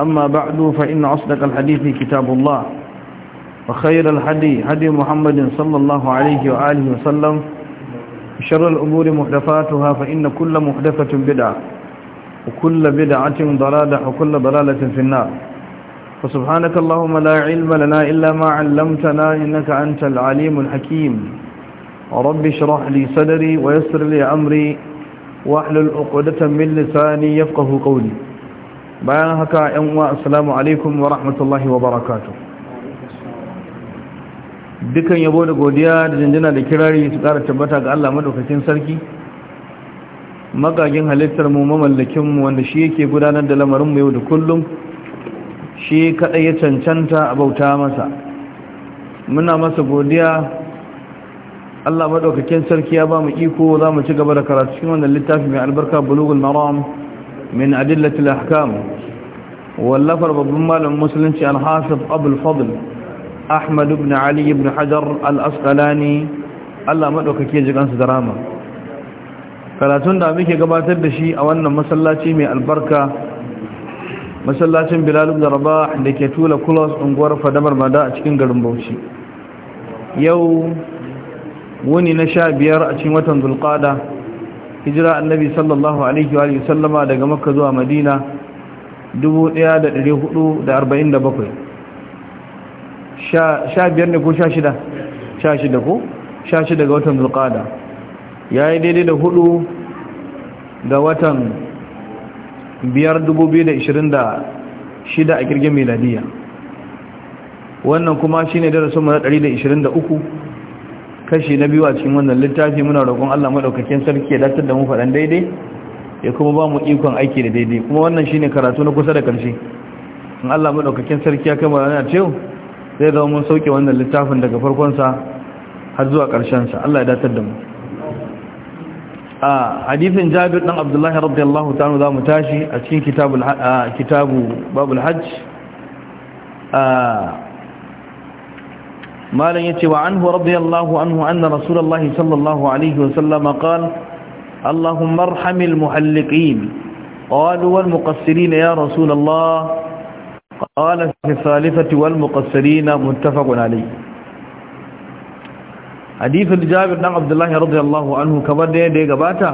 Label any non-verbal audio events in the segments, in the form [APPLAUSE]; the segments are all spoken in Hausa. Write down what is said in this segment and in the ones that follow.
أما بعد فإن أصدق الحديث كتاب الله وخير الحدي هدي محمد صلى الله عليه وآله وسلم شر الأمور محدثاتها فإن كل محدثة بدعة وكل بدعة ضلالة وكل ضلالة في النار فسبحانك اللهم لا علم لنا إلا ما علمتنا إنك أنت العليم الحكيم رب اشرح لي صدري ويسر لي أمري واحلل عقدة من لساني يفقه قولي bayan haka yan uwa assalamu alaikum wa rahmatullahi wa barakatuh dukan yabo da godiya da jinjina da kirari su ƙara tabbata ga Allah madaukakin sarki magagin halittar mu mamallakin mu wanda shi yake gudanar da lamarin mu yau da kullum shi kaɗai ya cancanta a bauta masa muna masa godiya Allah madaukakin sarki ya ba mu iko za mu ci gaba da karatu cikin wannan littafi mai albarka bulugul maram min adillatul ahkam wallafar babban malamin musulunci al-hasib abul fadl ahmad ibn ali ibn hajar al-asqalani Allah madaukake jikansu da rama karatun da muke gabatar da shi a wannan masallaci mai albarka masallacin bilal ibn rabah da ke tula kulos unguwar mada a cikin garin bauchi yau wuni na sha biyar a cikin watan zulqada hijira annabi sallallahu alaihi wa sallama daga makka zuwa madina 1447 sha biyar ne ko sha shida sha shida ko sha shida ga watan zulqada ya yi daidai da hudu ga watan biyar dubu biyu da ishirin da shida a kirgin meladiya wannan kuma shi ne da ishirin da 123 kashi na biyu a cikin wannan littafi muna roƙon Allah madaukakin sarki ya datar da mu faɗan daidai ya kuma ba mu ikon aiki da daidai kuma wannan shine karatu na kusa da ƙarshe in Allah madaukakin sarki ya kama rana ce zai zama mun sauke wannan littafin daga farkon sa har zuwa ƙarshen sa Allah ya datar da mu a hadisin Jabir dan Abdullahi radiyallahu ta'ala za mu tashi a cikin kitabul kitabu babul hajj a malam yace wa anhu radiyallahu anhu anna rasulullahi sallallahu alaihi wa sallam qala اللهم ارحم muhalliqin قالوا والمقصرين يا رسول الله قال في الثالثة والمقصرين متفق عليه حديث الجابر بن عبد الله رضي الله عنه كبر ده ده غباتا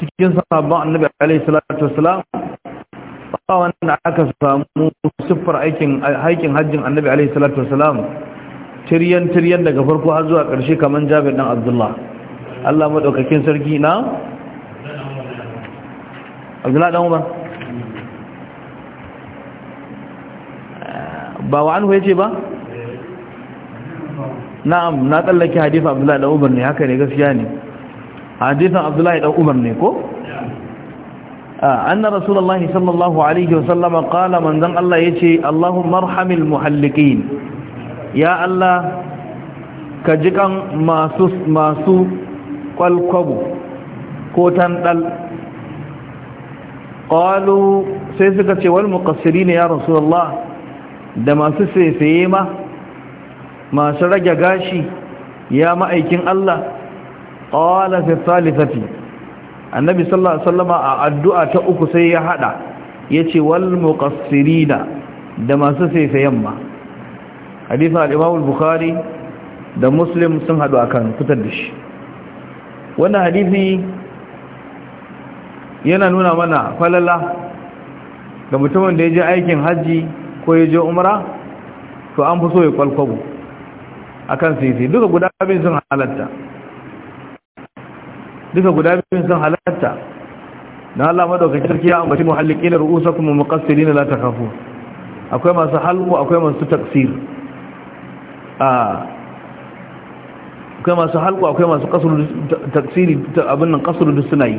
cikin sahabban annabi alaihi salatu wassalam ba wanda aka samu siffar aikin hajjin annabi alaihi salatu wassalam tiryan tiryan daga farko har zuwa ƙarshe kamar jabir dan abdullah Allah madaukakin sarki na Abdullah ɗan Umar ba wa anhu yace ba na'am na tsallake hadisin Abdullahi ɗan Umar ne haka ne gaskiya ne hadisin Abdullahi ɗan Umar ne ko أن رسول الله صلى الله عليه وسلم قال Allah ya ce يتي اللهم ارحم المحلقين ya Allah ka ji kan masu masu kwalkwabo ko tandal qalu sai suka ce wal muqassirin ya rasulullah da masu sefeye ma masu rage gashi ya ma'aikin Allah qala fi salifati annabi sallallahu alaihi wasallama a addu'a ta uku sai ya hada yace wal muqassirina da masu sefeyen ma hadisin al al-bukhari da muslim sun hadu kan fitar da shi wannan hadisi yana nuna mana falala ga mutumin da ya je aikin hajji ko ya je umra to an fi so ya kwalkwabo A kan sisi duka guda abin sun halatta duka guda biyun sun halatta na Allah madaukakin sarki ya ambaci muhalliqina ru'usakum muqassirin la takhafu akwai masu halqu akwai masu taksir akwai masu halko akwai masu kasuru taksiri abin nan kasuru duk suna yi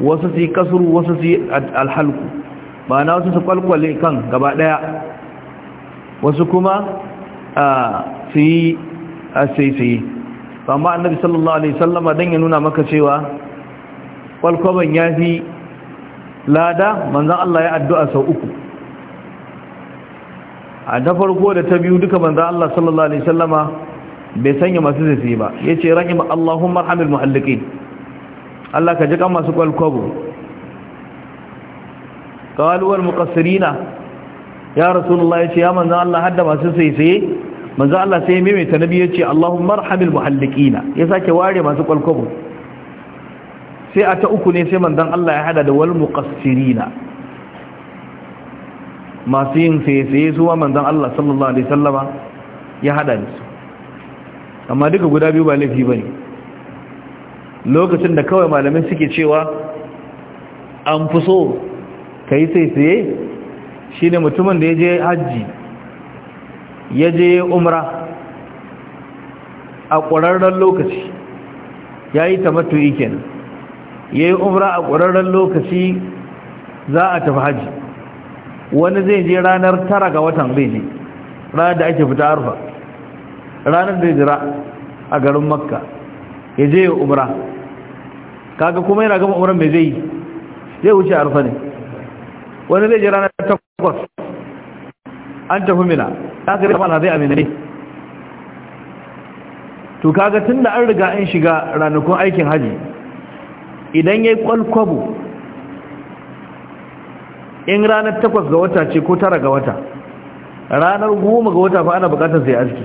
wasu su yi kasuru wasu su yi alhalku ba na wasu su kwalkwale kan gaba daya wasu kuma su yi a sai-sai amma annabi sallallahu alaihi sallama don ya nuna maka cewa kwalkwaban ya fi lada manzan Allah ya addu'a sau uku a na farko da ta biyu duka banza Allah sallallahu alaihi sallama bai sanya masu zai ba ya ce rahim Allahumma rahamil muhalliqin Allah ka ji kan masu kwalkwabo qalu wal muqassirina ya rasulullah ya ce ya manzo Allah hadda masu sai sai manzo Allah sai mai ta nabi ya ce Allahumma rahamil muhalliqina ya sake ware masu kwalkwabo sai a ta uku ne sai manzon Allah ya hada da wal muqassirina masu yin saye-saye manzan Allah sallallahu Alaihi sallama ya hada da su amma duka guda biyu ba laifi ba ne lokacin da kawai malamai suke cewa an fi so ka yi saye-saye shi ne mutumin da ya je hajji ya je umra a ƙwararren lokaci ya yi matu ikin ya yi umra a ƙwararren lokaci za a tafi hajji wani zai je ranar tara ga watan zai je ranar da ake fita arfa ranar da jira a garin makka ya je ya umra kaga kuma yana gama umran mai zai zai wuce arfa ne wani zai je ranar takwas an tafi mina kaga rikama na zai amina ne to kaga tun da an riga an shiga ranakun aikin haji idan ya yi kwalkwabo in ranar takwas ga wata ce ko tara ga wata ranar goma ga wata fa ana bukatar sai aski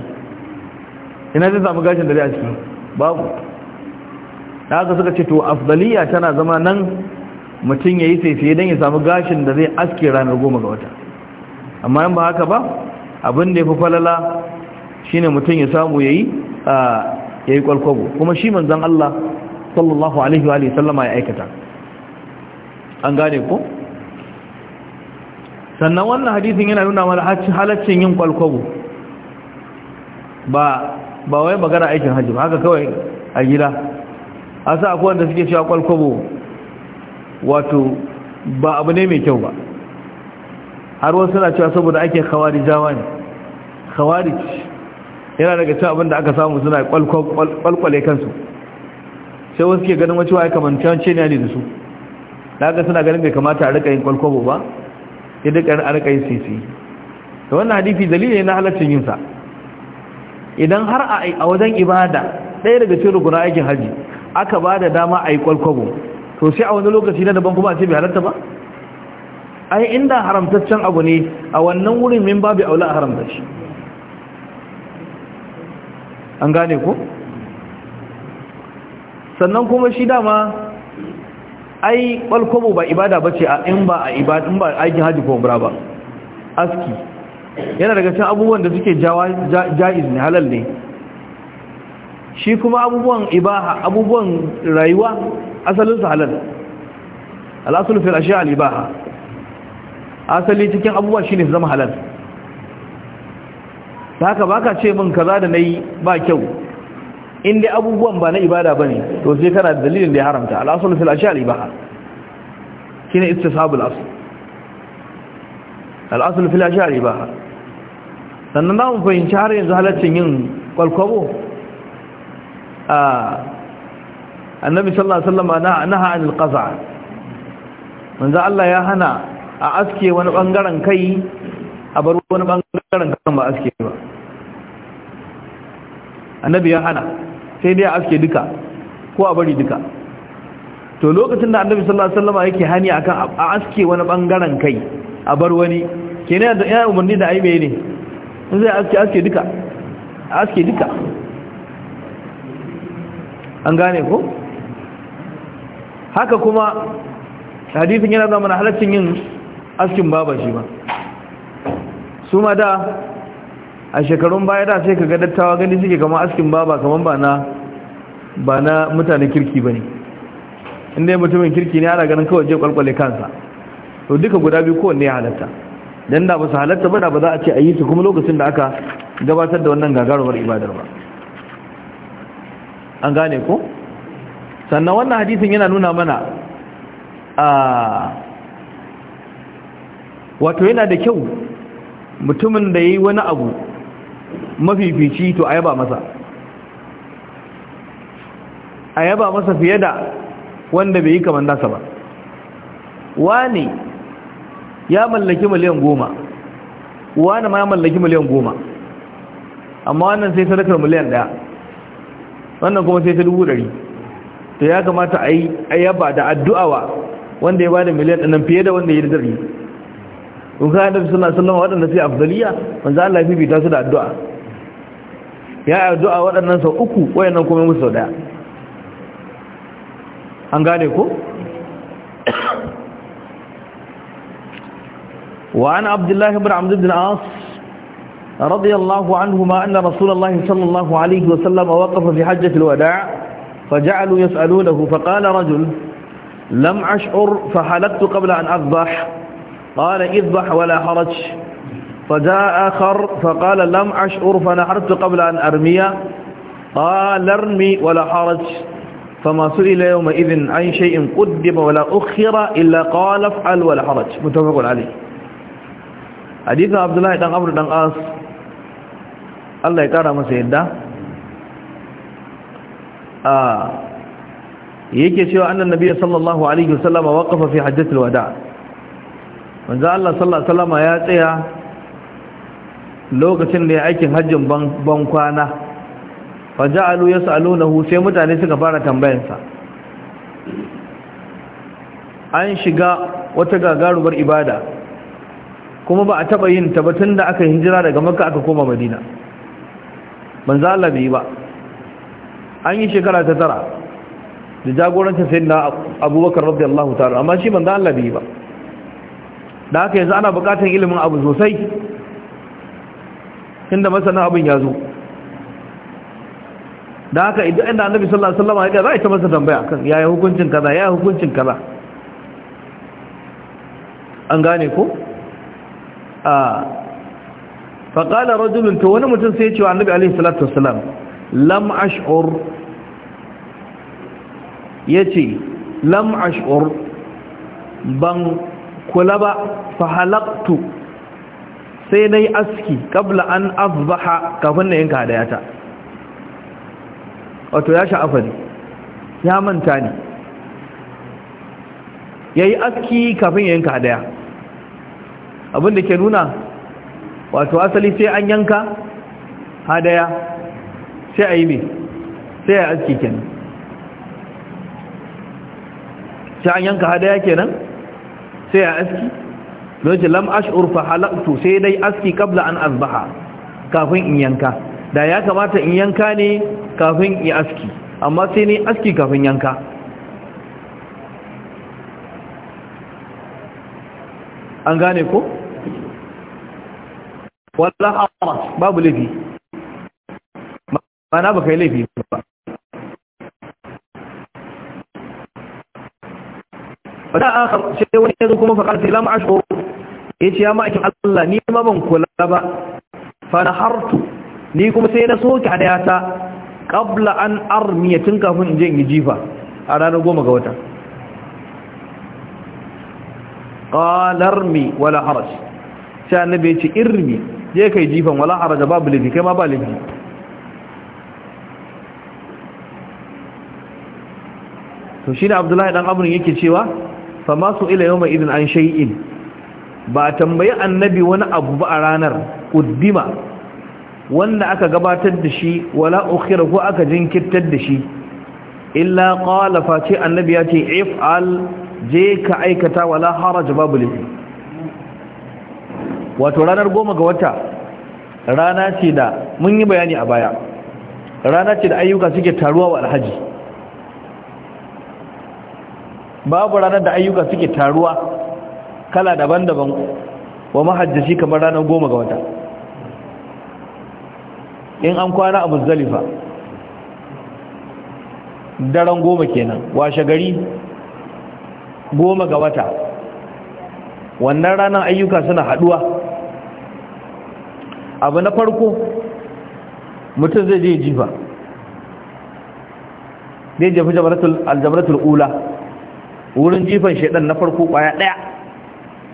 ina zai samu gashin da zai aski babu da haka suka ce to afdaliya tana zama nan mutum ya yi sai don ya samu gashin da zai aske ranar goma ga wata amma yin ba haka ba abin da ya fi falala shi ne mutum ya samu ya yi ya yi kwalkwabo kuma shi manzan Allah sallallahu Alaihi wa sallama ya aikata an gane ko? sannan wannan hadisin yana nuna mana halaccin yin kwalkwabo ba ba wai magana aikin hajji ba haka kawai a gida a sa akwai wanda suke cewa kwalkwabo wato ba abu ne mai kyau ba har wasu suna cewa saboda ake khawari jawa ne khawari yana daga cewa abinda aka samu suna kwalkwale kansu sai wasu ke ganin wacewa ya wancan ne da su daga suna ganin bai kamata a rika yin kwalkwabo ba ya duka a arka yin sisi da wannan hadisi dalili na halaccin yin sa idan har a wajen ibada ɗaya daga cikin rukuna aikin haji aka ba da dama a yi kwalkwabo to sai a wani lokaci na daban kuma a ce bai halatta ba ai inda haramtaccen abu ne a wannan wurin min babu aula a haramta shi an gane ko sannan kuma shi dama ai balkobo ba ibada bace a in ba a ibada in ba aikin haji ko umra ba aski yana daga cikin abubuwan da suke jaiz ne halal ne shi kuma abubuwan ibaha abubuwan rayuwa asalin su halal al-asl al ashya' al-ibaha asali cikin abubuwa shine su zama halal haka baka ce min kaza da nayi ba kyau in dai abubuwan ba na ibada bane to sai kana da dalilin da ya haramta al-aslu fil ashya al-ibaha kina ittisab al-asl al-aslu fil ashya al-ibaha sannan na mu fahimci har yanzu halaccin yin kwalkwabo a annabi sallallahu alaihi wasallam na naha anil qaza manzo Allah ya hana a aske wani bangaren kai a bar wani bangaren kan ba aske ba annabi ya hana sai dai a aske duka ko a bari duka to lokacin da annabi sallallahu alaihi wasallam yake hani akan a aske wani bangaren kai a bar wani kenan da ya umarni da ai ne in zai aske aske duka aske duka an gane ko haka kuma hadisin yana zama na halaccin yin askin baba shi ba su ma da a shekarun baya da sai ka ga dattawa gani suke kama askin baba kaman ba na ba na mutanen kirki bane inda mutumin kirki ne ana ganin kawai je kwalkwale kansa to duka guda biyu kowanne ya halatta don da ba su halatta ba da ba za a ce a yi su kuma lokacin da aka gabatar da wannan gagarumar ibadar ba an gane ko sannan wannan hadisin yana nuna mana a wato yana da kyau mutumin da ya yi wani abu mafifici to a yaba masa a yaba masa fiye da wanda bai yi kamar nasa ba wani ya mallaki miliyan goma wani ma ya mallaki miliyan goma amma wannan sai sadakar miliyan daya wannan kuma sai ta dubu dari to ya kamata a yaba da addu'awa wanda ya bada miliyan ɗanan fiye da wanda ya yi da dari in ka annabi sallallahu alaihi wasallam waɗanda sai afdaliya manzo Allah ya fifita su da addu'a ya addu'a waɗannan sau uku wayannan kuma musu sau daya an gane ko وعن عبد الله بن عبد بن العاص رضي الله عنهما أن رسول الله صلى الله عليه وسلم وقف في حجة الوداع فجعلوا يسألونه فقال رجل لم أشعر فحلقت قبل أن أصبح قال اذبح ولا حرج فجاء آخر فقال لم أشعر فنحرت قبل أن أرمي قال ارمي ولا حرج فما سئل يومئذ عن شيء قدم ولا أخر إلا قال افعل ولا حرج متفق عليه حديث عبد الله بن عمرو بن العاص الله يكرم سيدنا آه yake أن النبي صلى الله عليه وسلم وقف في حجة الوداع manzo Allah sallallahu alaihi wasallam ya tsaya lokacin da ya aikin hajjin ban kwana fa ja'alu yas'alunahu sai mutane suka fara tambayansa an shiga wata gagarubar ibada kuma ba a taba yin ta ba aka hijira daga makka aka koma madina manzo Allah bai ba an yi shekara ta tara da jagorancin sayyidina abubakar radiyallahu ta'ala amma shi manzo Allah bai ba da haka yanzu ana bukatar ilimin abu sosai inda masana abin ya zo da haka idan annabi sallallahu alaihi wasallam ya za a yi ta masa tambaya kan yaya hukuncin kaza yaya hukuncin kaza an gane ko a faƙala rajulun to wani mutum sai ce wa annabi alaihi salatu wasallam lam ash'ur yace lam ash'ur ban kula ba fahalaktu sai na yi aski kabla an azbaha kafin na yanka yata wato ya sha'afa ne ya manta ne ya yi aski kafin ya yanka hadaya abinda ke nuna wato asali sai an yanka hadaya sai a yi mai sai a aski kenan sai an yanka hadaya kenan sai ya aski don ce lam ash'ur fa sai dai aski kabla an azbaha kafin in yanka da ya kamata in yanka ne kafin in aski amma sai ne aski kafin yanka an gane ko wallahi babu laifi mana ba kai laifi ba fada akhar sai wani yanzu kuma fa qala lam ashur yace ya ma'akin Allah ni ma ban kula ba Fana hartu. ni kuma sai na soke hadayata Kabla an armiya tun kafin in je in jifa a ranar goma ga wata qalarmi wala haraj sai annabi ya ce irmi je kai jifan wala haraj babu lafi kai ma ba lafi to shine abdullahi dan abun yake cewa fama su ila yau mai idin an in. ba tambayi annabi wani abu ba a ranar kuddima wanda aka gabatar da shi wala ukhira ko aka jinkirtar da shi illa qala annabi ya ce if'al je ka aikata wala haraj babu lifi wato ranar goma ga wata rana ce da mun yi bayani a baya rana ce da ayyuka suke taruwa wa alhaji babu ranar da ayyuka suke taruwa kala daban-daban wa mahajjashi kamar ranar goma ga wata in an kwana a muzdalifa daren goma kenan washe gari goma ga wata wannan ranar ayyuka suna haduwa abu na farko mutum zai je jifa zai jefi aljabaratul ula wurin jifan shaidan na farko kwaya daya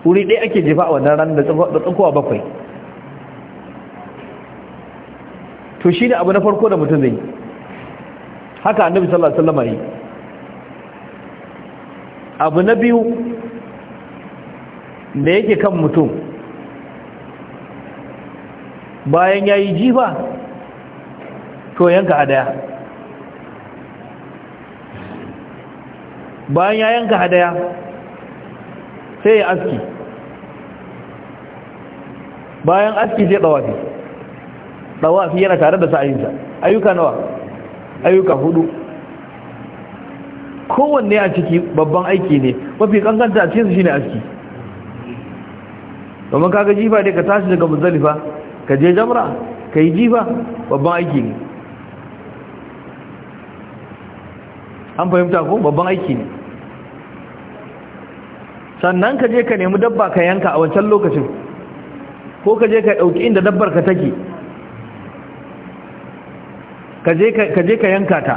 wuri daya ake jifa a wannan ran da tsakowa bakwai to shi ne abu na farko da mutum zai haka annabi sallallahu alaihi wasallam yi abu na biyu da yake kan mutum bayan yayi jifa to yanka a daya bayan ya yanka hadaya sai ya aski bayan aski sai dawafi dawafi yana tare da sa'ayinsa ayyuka nawa ayyuka hudu kowanne a ciki babban aiki ne mafi kankanta a cikinsu shine aski domin kaga jifa dai ka tashi daga muzalifa ka je jamra ka yi jifa babban aiki ne an fahimta ko babban aiki ne sannan ka je ka nemi dabba ka yanka a wancan lokacin ko ka je ka ɗauki inda dabbar ka take ka je ka yanka ta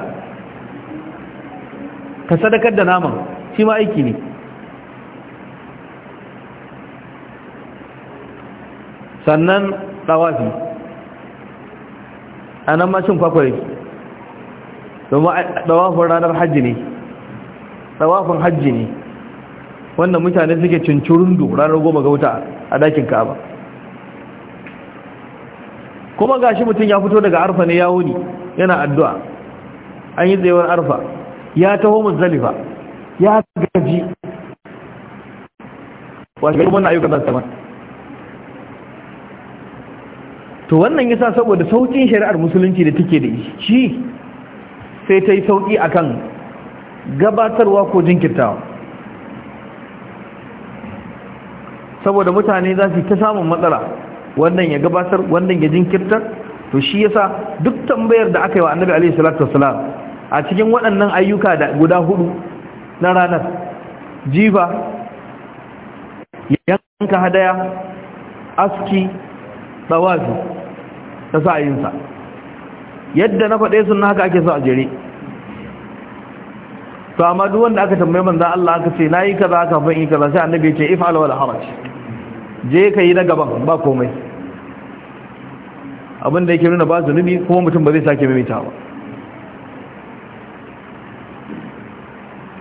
ka sadakar da naman shi ma aiki ne sannan ɗawafi a nan mashin kwakwari domin ɗawafin ranar hajji ne ɗawafin hajji ne wanda mutane suke duk ranar goma ga wuta a dakin kaba. kuma ga shi mutum ya fito daga arfa ne ya wuni yana addu'a an yi tsayewar arfa ya taho muzalifa ya gaji washe kuma na ayyukan zan sama to wannan yasa saboda saukin shari'ar musulunci da take da shi sai ta yi sauki akan gabatarwa ko jinkirtawa saboda mutane za su ta samun matsala wannan ya gabatar wannan ya jinkirtar to shi yasa duk tambayar da aka yi wa annabi alaihi salatu wasalam a cikin waɗannan ayyuka da guda hudu na ranar jifa yanka hadaya aski tsawafi ta sa'ayinsa yadda na faɗe sun haka ake so a jere to amma duk wanda aka tambaye manzan Allah aka ce na yi kaza kafin yi kaza sai annabi ya ce if wal haraj je ka yi na gaban ba komai abinda yake nuna ba zunubi kuma mutum ba zai sake mimita ba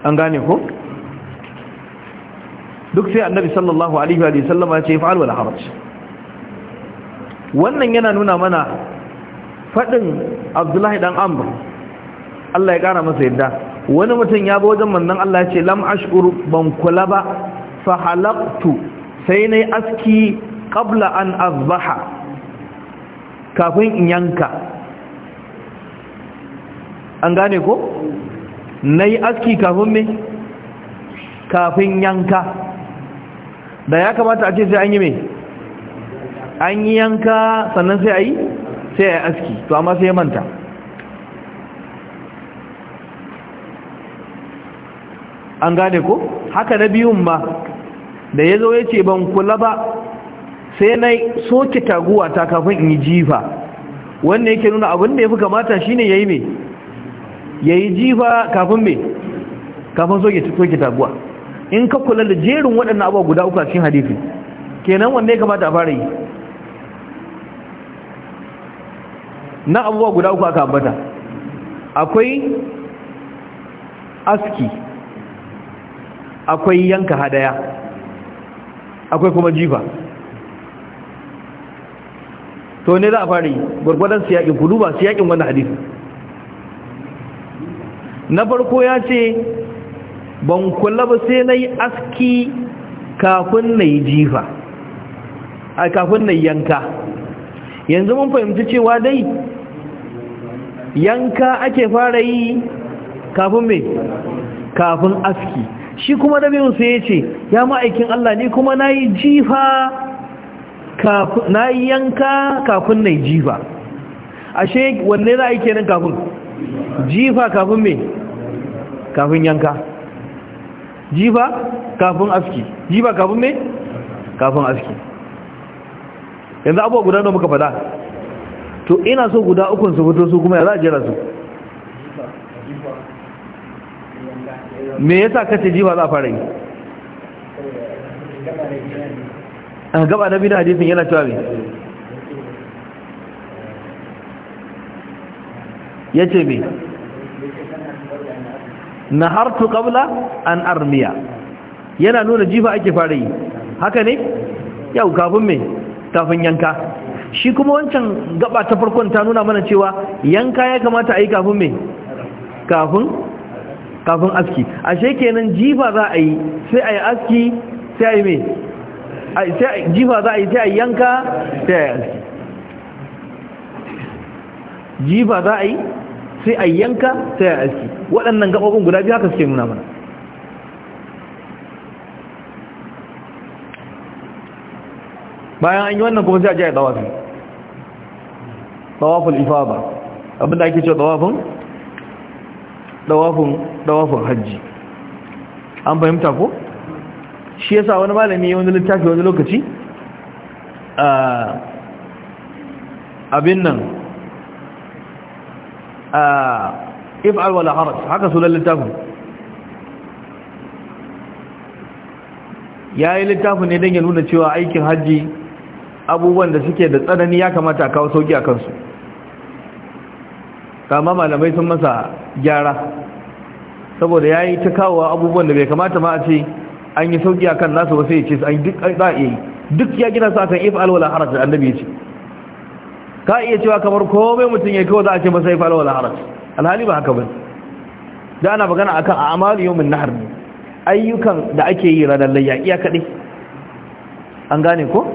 an gane ko duk sai annabi sallallahu alaihi wa sallama ya ce fa'al wal haraj wannan yana nuna mana fadin abdullahi dan amur Allah ya kara masa yadda wani mutum ya ba wajen manzon Allah ya ce lam ashuru ban kula ba fa halaqtu sai na aski ƙabla an azbaha kafin in yanka an gane ko? na yi aski kafin me? kafin yanka da ya kamata a ce sai an yi me? an yi yanka sannan sai a yi? sai a yi aski to amma sai ya manta an gane ko? haka na biyun ma da ya zo ya ce ban kula ba sai na soke taguwa ta kafin in yi jifa wannan yake nuna abin da ya fi kamata ne ya yi mai ya yi jifa kafin mai kafin soke taguwa in ka kula da jerin waɗannan abuwa guda uku a cikin hadifin kenan wanda ya kamata a fara yi na abubuwa guda uku aka ambata akwai aski akwai yanka hadaya akwai kuma jifa to ne za a fara yi gwargwadon siyakin ku duba siyakin wannan hadisi na farko ya ce ban kula ba sai na yi aski kafin na yi jifa a kafin na yanka yanzu mun fahimci cewa dai yanka ake fara yi kafin mai kafin aski shi kuma rabin sai ya ce ya ma'aikin Allah ne kuma na yi jifa na yi yanka kafin na yi jifa ashe wanne za a yi kenan kafin jifa kafin me kafin yanka jifa kafin aski jifa kafin me kafin aski yanzu abuwa guda da muka fada to ina so guda ukun su fito su kuma ya za a jira su me yasa kace jiwa za a fara yi a ah, gaba na bin hadisin yana cewa me yace me nahartu qabla an armiya yana nuna jifa ake fara yi haka ne yau kafin me kafin yanka shi kuma wancan gaba ta farkon ta nuna mana cewa yanka ya kamata a yi kafin me kafin kafin aski ashe kenan jifa za a yi sai a yi aski sai a yi me jifa za a yi sai a yi yanka sai a yi aski jifa za a yi sai a yi yanka sai a yi aski waɗannan gaɓaɓin guda biyu haka suke nuna mana bayan an yi wannan kuma sai a ji a yi tsawafi tsawafin ifa ba abinda ake ce tsawafin dawafin hajji an fahimta ko shi yasa wani malami wani littafi wani lokaci abin nan if alwala haras haka sunan littafin ya yi littafin ne don ya nuna cewa aikin hajji abubuwan da suke da tsanani ya kamata a kawo sauki a kansu kama malamai sun masa gyara saboda ya yi ta kawo abubuwan da bai kamata ma a ce an yi sauki a kan nasu wasu ya ce an duk za a yi duk ya gina su a kan ifa alwala haraci annabi ya ce ka iya cewa kamar komai mutum ya kawai za a ce masa ifa alwala haraci alhali ba haka ba da ana magana akan a amalu yau min nahar ne ayyukan da ake yi ranar layya iya kaɗai an gane ko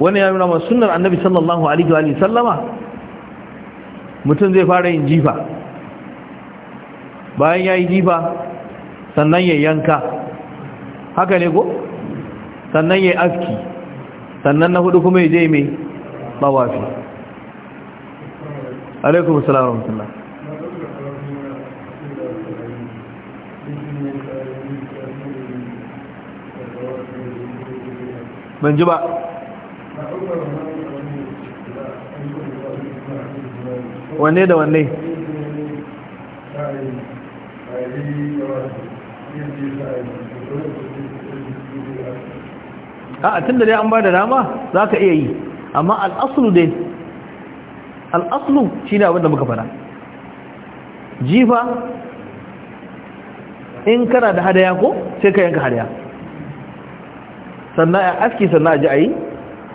wannan ya nuna masu sunar annabi sallallahu alaihi wa sallama mutum zai fara yin jifa bayan ya yi jifa sannan ya yanka haka ne ko sannan ya yi aski sannan na hudu kuma ya je mai bawafi alaikum salamu rahmatullah ban ji ba wanne da wanne a tun da dai an ba da dama za ka iya yi amma al'aslu dai al'aslu shi ne abinda muka fara jifa in kana da hadaya ko sai ka yanka hadaya sannan a aski sannan a ji a yi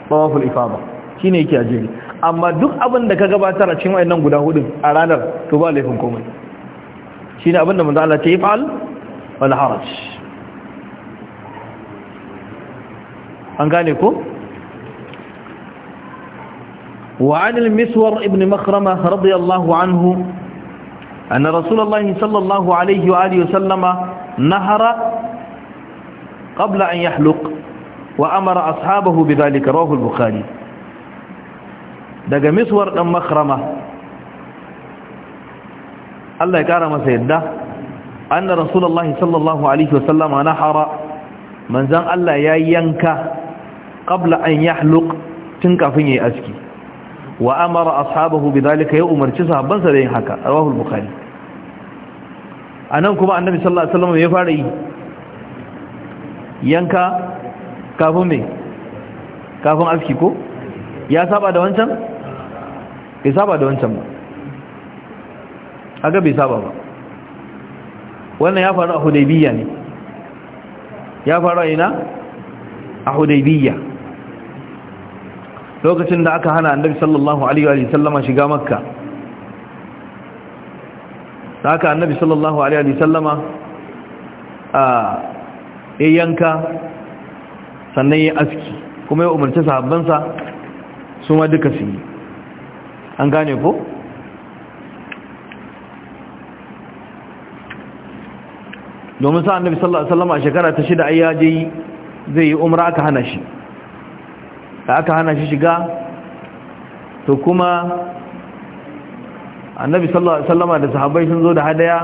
ɓawaful ifa ba shi ne yake a jeri amma duk abin da ka gabatar a cikin wayannan guda hudu a ranar to ba laifin komai shine abin da manzo Allah ce ifal wal haraj an gane ko وعن المسور miswar مخرمة رضي radiyallahu عنه أن رسول الله صلى الله عليه وآله وسلم نهر قبل أن وأمر أصحابه بذلك رواه البخاري daga miswar ɗan makarama Allah ya ƙara masa yadda an da rasulallah sallallahu alaihi wasallama na hara manzan Allah ya yanka ƙabla an yahluk tun kafin ya yi aski wa amara ashabahu bidalika ya umarci sahabbansa da yin haka bukhari kuma annabi sallallahu alaihi ya fara yi yanka kafin me kafin aski ko ya saba da wancan bai saba da wancan ba aga bai saba ba wannan ya faru a hudaibiyya ne ya faru a ina a hudaibiyya lokacin da aka hana annabi sallallahu alaihi wa sallama shiga makka da aka annabi sallallahu alaihi wa sallama a yanka sannan ya aski kuma ya umarci sahabbansa su ma duka su yi an gane ko domin sa annabi sallallahu alaihi wasallam a shekara ta shida ayya ya je zai yi umra aka hana shi da aka hana shi shiga to kuma annabi sallallahu alaihi wasallam da sahabbai sun zo da hadaya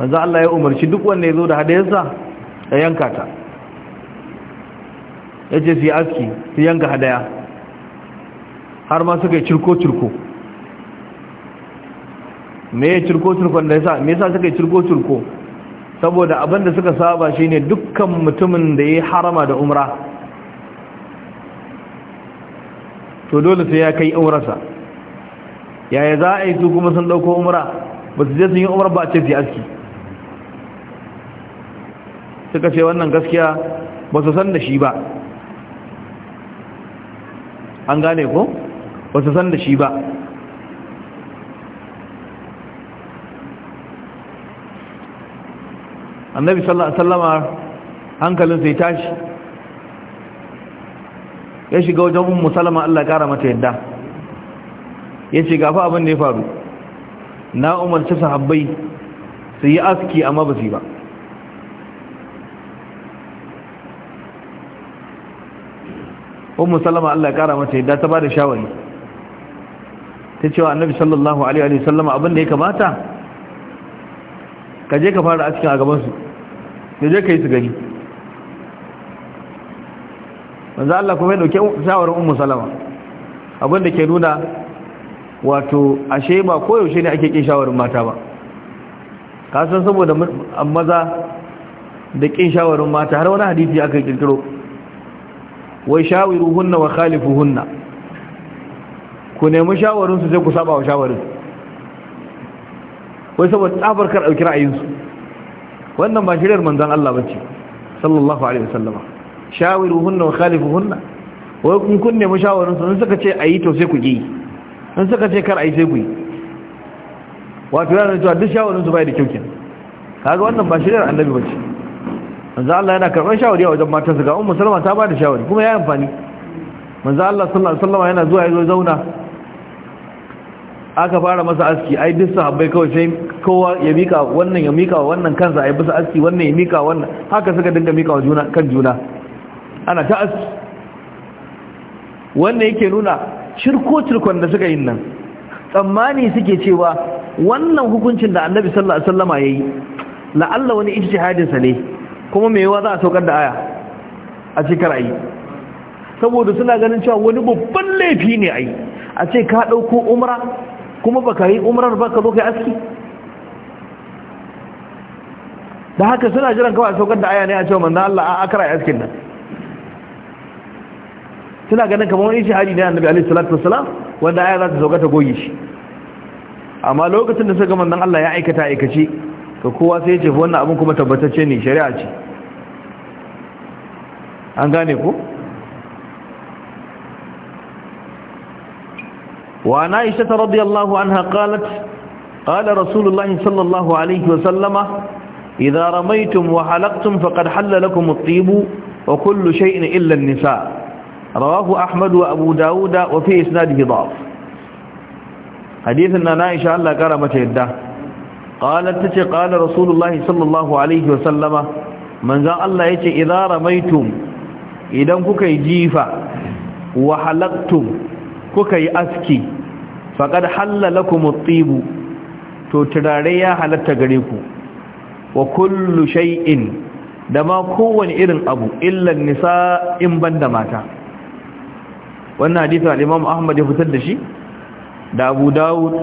manzo Allah ya umarci duk wanda ya zo da hadayarsa ya yanka ta yace su yi aski su yanka hadaya har ma suka yi cirko-cirko me ya cirko cirko da yasa me yasa suka yi cirko-cirko saboda abin da suka saba shine dukkan mutumin da ya harama da umra to dole sai ya kai umrarsa yaya za a yi su kuma sun dauko umra ba su je sun yi umar ba a ce aski suka ce wannan gaskiya ba su san da shi ba an gane ko? ba su san da shi ba annabi sallallahu alaihi wasallama hankalin sai tashi ya shiga wajen ummu salama Allah ya kara mata yadda Ya ce gafa abin da ya faru na umarci sahabbai su yi aski amma ba su ba ummu salama Allah ya kara mata yadda ta bada shawari ta cewa annabi sallallahu alaihi wasallama abin da ya kamata ka je ka fara a cikin a gabansu ne je ka yi su gari manzo Allah kuma ya dauke shawarar ummu salama abin da ke nuna wato ashe ba koyaushe ne ake ƙin shawarar mata ba kasan saboda maza da ƙin shawarar mata har wani hadisi aka kirkiro wai shawiru hunna wa khalifu hunna ku nemi shawarinsu sai ku saba wa shawarin wai saboda tsabar kar ɗauki ra'ayinsu wannan ba shirar manzan Allah ba ce sallallahu alaihi wasallama shawiru hunna wa khalifu hunna wai kun kun nemi shawarinsu in suka ce ayi to sai ku yi in suka ce kar ayi sai ku yi wato yana da cewa duk shawarinsu bai da kyau kenan kaga wannan ba shirar annabi ba ce manzo Allah yana karɓar shawari a wajen matarsa ga ummu salama ta ba da shawari kuma ya amfani manzo Allah sallallahu alaihi wasallama yana zuwa ya zo zauna aka fara masa aski ai duk sahabbai kawai sai kowa ya mika wannan ya mika wannan kansa ai bisa aski wannan ya mika wannan haka suka dinga mika wa juna kan juna ana ta aski wannan yake nuna shirko cirkon da suka yin nan tsammani suke cewa wannan hukuncin da annabi sallallahu alaihi yi, yayi la'alla wani ijtihadin sa ne kuma me yawa za a saukar da aya a cikin ra'ayi saboda suna ganin cewa wani babban laifi ne ai a ce ka dauko umra kuma baka yi umrar ba ka zo kai aski da haka suna jiran kawai a saukar da aya ne a cewa manzan Allah a akara ya askin nan suna ganin kamar wani shahadi ne annabi alaihi salatu wasalam wanda aya za ta sauka ta goge shi amma lokacin da suka ga manzan Allah ya aikata aikace to kowa sai ya ce wannan abin kuma tabbatacce ne shari'a ce an gane ko وعن عائشة رضي الله عنها قالت قال رسول الله صلى الله عليه وسلم إذا رميتم وحلقتم فقد حل لكم الطيب وكل شيء إلا النساء رواه أحمد وأبو داود وفي إسناده ضعف حديثنا نائشة الله كرمة يده قالت تتي قال رسول الله صلى الله عليه وسلم من ذا الله يتي إذا رميتم إذا كوكي جيفة وحلقتم كوكي أسكي faqad halala ku mu tsibu, to turare ya halatta gare ku wa kullu shay'in da ma kowane irin abu illan nisa in banda mata wannan hadisi al-Imam Ahmad ya fitar da shi da Abu Dawud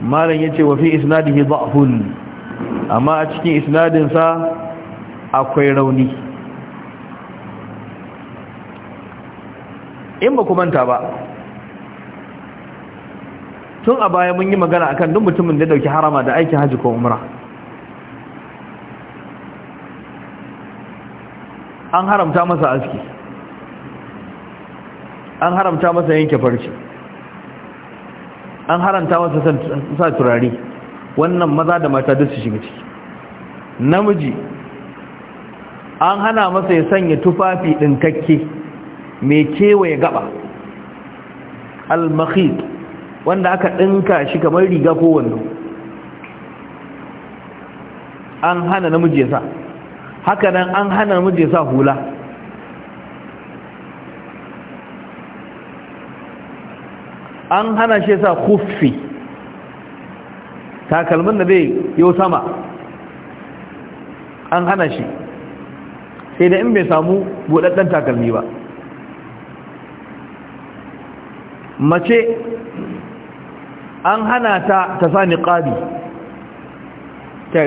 malam yace wa fi isnadihi da'fun amma a cikin isnadin sa akwai rauni in ba ku manta ba tun a baya mun yi magana akan duk mutumin da dauki harama da aikin haji ko umra an haramta masa aski an haramta masa yanke farce an haramta masa sa turare wannan maza da mata duk su shiga ciki namiji an hana masa ya sanya tufafi kakke mai kewaye gaba al-makhid wanda aka ɗinka shi kamar riga ko wando an hana namiji ya sa haka nan an hana namiji ya sa hula an hana shi ya sa kufi takalmin da zai yau sama an hana shi sai da in bai samu buɗaɗɗen takalmi ba mace an hana ta ta sa niƙari ta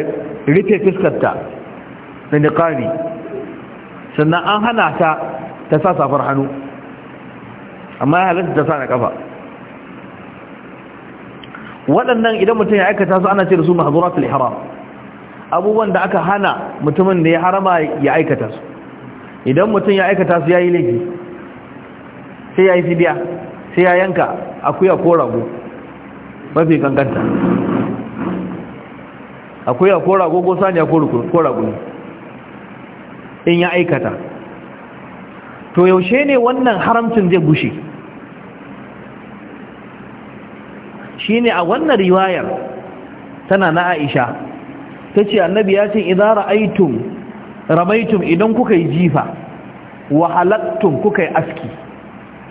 rufe fuskarta da niƙari sannan an hana ta ta sa safar hannu amma ya halatta ta sa na ƙafa waɗannan idan mutum ya aikata su ana ce da su mahzuratul ihram abubuwan da aka hana mutumin da ya harama ya aikata su idan mutum ya aikata su ya yi laifi sai ya yi fidiya sai ya yanka akuya ko rago mafi kankanta akwai a kora ko saniya ko raguni in ya aikata to yaushe ne wannan haramcin zai gushe shi ne a wannan riwayar tana na aisha ta ce annabi ya ce idara aitun ramaitun idan kuka yi jifa wahalattun kuka yi aski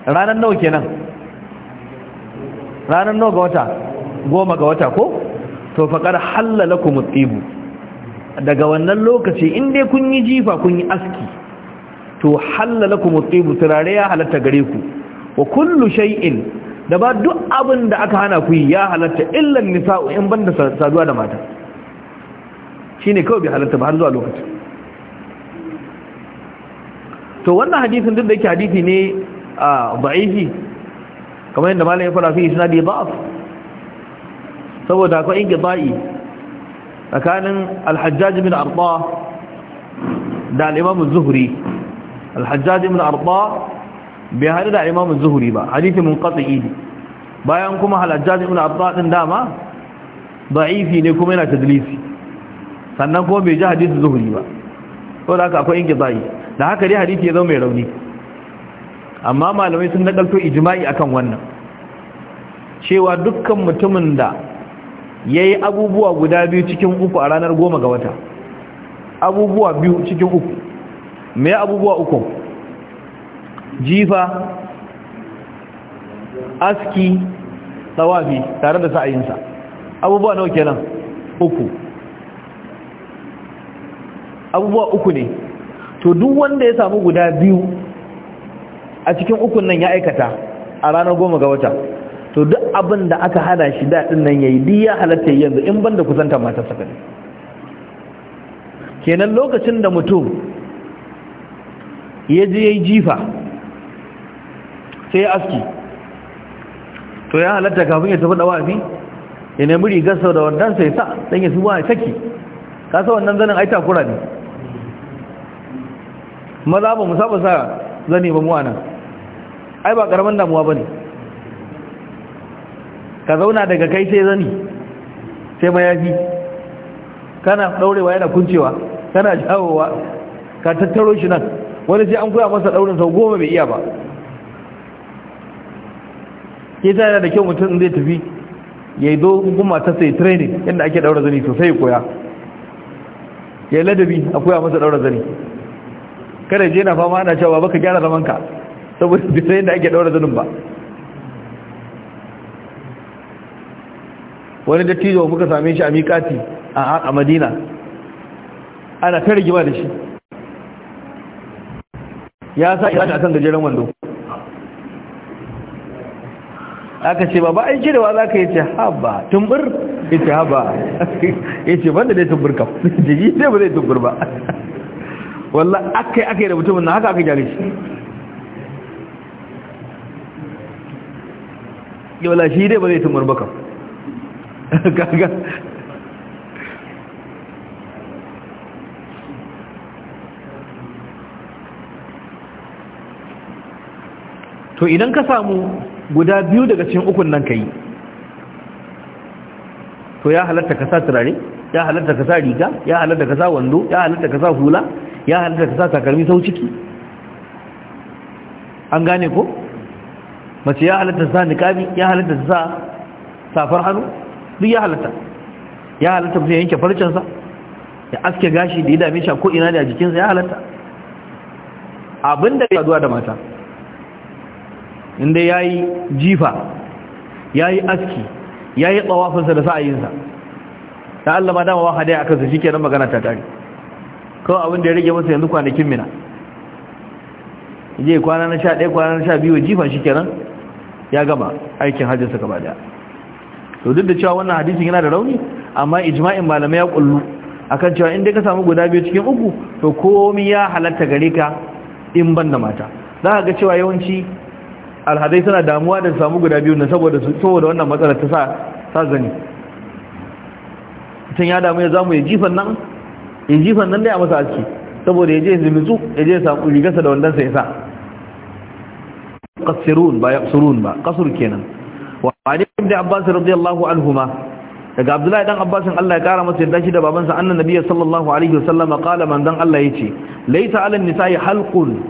ranar nawa kenan ranar nawa ga wata goma ga wata ko to faqad hallala ku tibu daga wannan lokaci in dai kun yi jifa kun yi aski to hallala ku at-tibu turare ya halatta gare ku wa kullu shay'in da ba duk abin da aka hana ku ya halatta illan nisa'u in banda saduwa da mata shine kawai bai halatta ba har zuwa lokacin to wannan hadisin duk da yake hadisi ne a ah, da'ifi kamar yadda malamin ya fara fi isnadi saboda akwai inqita'i tsakanin Alhajjaji min arba da al-imam az-zuhri al-hajjaj bin bai hadu da imam az-zuhri ba hadisi munqati bayan kuma Alhajjaji min arba arda din dama da'ifi ne kuma yana tadlisi sannan kuma bai ji hadisi zuhri ba saboda aka akwai inqita'i da haka dai hadisi ya zama mai rauni amma malamai sun nakalto ijma'i akan wannan cewa dukkan mutumin da ya yi abubuwa guda biyu cikin uku a ranar goma ga wata abubuwa biyu cikin uku me abubuwa uku jifa aski tsawafi tare da sa'ayinsa abubuwa nawa kenan uku abubuwa uku ne to duk wanda ya samu guda biyu a cikin ukun nan ya aikata a ranar goma ga wata to duk abin da aka hada shi daɗin nan ya yi duk ya halatta yanzu in banda kusanta saka ne kenan lokacin da mutum ya ji ya yi jifa sai ya aski to ya halatta kafin ya tafi da wafi ya nemi rigar sau da wannan sai sa don ya suwa ya saki kasa wannan zanen aita kura ne maza ba musaba sa zane ba muwa nan ai ba karamin damuwa ba ne ka zauna daga kai sai zani sai mayafi kana daurewa yana kuncewa kana jawowa ka tattaro shi nan wani sai an koya masa daurin sau goma bai iya ba ke ta yana da kyau mutum zai tafi ya zo kuma ta sai training yadda ake daura zani sosai koya ya ladabi a koya masa daura zani kada je na fama ana cewa baka gyara zamanka saboda bisa yadda ake daura zanin ba wani dattijo muka same shi a miƙati a madina ana ta rigima da shi ya sa a kan gajeren wando aka ce ba ba aiki da wa za ka yi ce haba tumbur ya ce haba [LAUGHS] ya ce banda dai tumbur kam jiji [LAUGHS] sai ba zai tumbur ba [LAUGHS] wallah aka yi aka yi da mutumin na haka aka gyara shi yau la shi dai ba zai tumbur ba kam [LAUGHS] kaga to idan ka samu guda biyu daga cikin ukun nan kai to ya halatta ka sa turare ya halatta ka sa riga ya halatta ka sa wando ya halatta ka sa hula ya halatta ka sa takalmi sau ciki an gane ko mace ya halatta sa niqabi ya halatta sa safar hannu duk ya halatta ya halatta mutum ya yanke farcinsa ya aske gashi da ya dame shi ko ina ne a jikinsa ya halatta abin da ya zuwa da mata inda ya yi jifa ya yi aski ya yi tsawafinsa da sa'ayinsa ta Allah ma dama wahada ya kansa shi kenan magana ta tare kawai abin da ya rage masa yanzu kwanakin mina je kwana na sha ɗaya kwana na sha biyu jifan shi kenan ya gama aikin hajjinsa gaba daya to duk da cewa wannan hadisin yana da rauni amma ijma'in malamai ya kullu akan cewa in dai ka samu guda biyu cikin uku to komai ya halatta gare ka in ban da mata za ka ga cewa yawanci alhadai suna damuwa da samu guda biyu ne saboda saboda wannan matsalar ta sa sa zani tun ya damu ya zamu ya jifan nan ya jifan nan dai a masa aski saboda ya je ya zimitsu ya je ya samu rigarsa da wandansa ya sa kasirun ba yaqsurun ba kasur kenan وعن ابن عباس رضي الله daga Abdullahi dan Abbasin Allah ya kara masa yadda shi da babansa annan nabiyyi sallallahu alaihi wasallam qala man dan Allah yace laita alal nisa'i halqun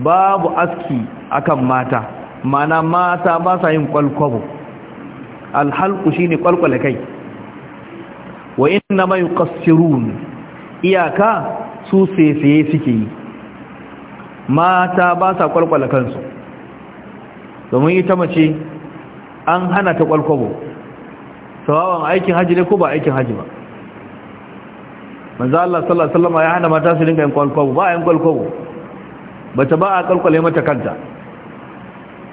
babu aski akan mata mana mata ba sa yin kwalkwabo al shine kwalkwale kai wa inna ma yuqassirun iyaka su seseye suke yi mata ba sa kwalkwala kansu domin ita mace an hana ta kwalkwabo sawawan aikin haji ne ko ba aikin haji ba manzo Allah sallallahu alaihi wasallam ya hana mata su dinga yin kwalkwabo ba yin kwalkwabo bata ba a kwalkwale mata kanta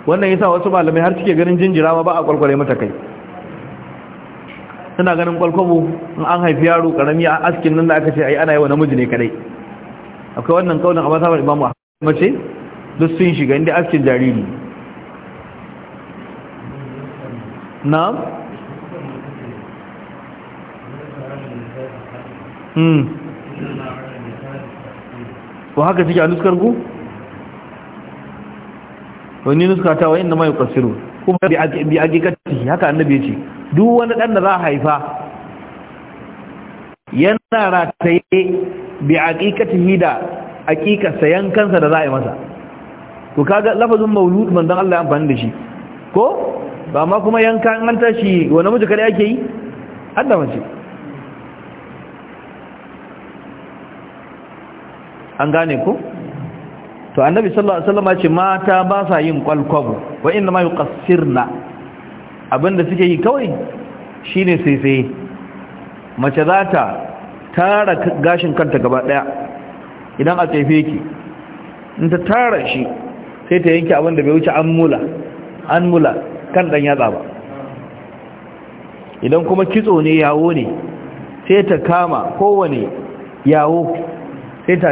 wannan yasa wasu malamai har suke ganin jinjira ba a kwalkwale mata kai suna ganin kwalkwabo in an haifi yaro karami a askin nan da aka ce ai ana yi wa namiji ne kadai akwai wannan kaunin a masabar imamu mace duk sun shiga inda askin jariri na'am hmm wa haka suke a nuskar wani nuska ta wa inda mai kasiru kuma bi agigati haka annabi ce duk wani dan da za a haifa yana rataye bi aqiqatihi da aqiqarsa yankansa da za a yi masa to kaga lafazin maulud manzon Allah ya amfani da shi ko ba ma kuma yanka an tashi wa namiji kare ake yi hadda mace an gane ku? to annabi sallallahu alaihi wasallam ce mata ba sa yin kwalkwabo wa inna ma yuqassirna abinda suke yi kawai shine sai mace za ta tara gashin kanta gaba daya idan a tsefe ki in ta tara shi sai ta yanke abinda bai wuce an an mula kan dan yatsa ba idan kuma kitso ne yawo ne sai ta kama kowane yawo sai ta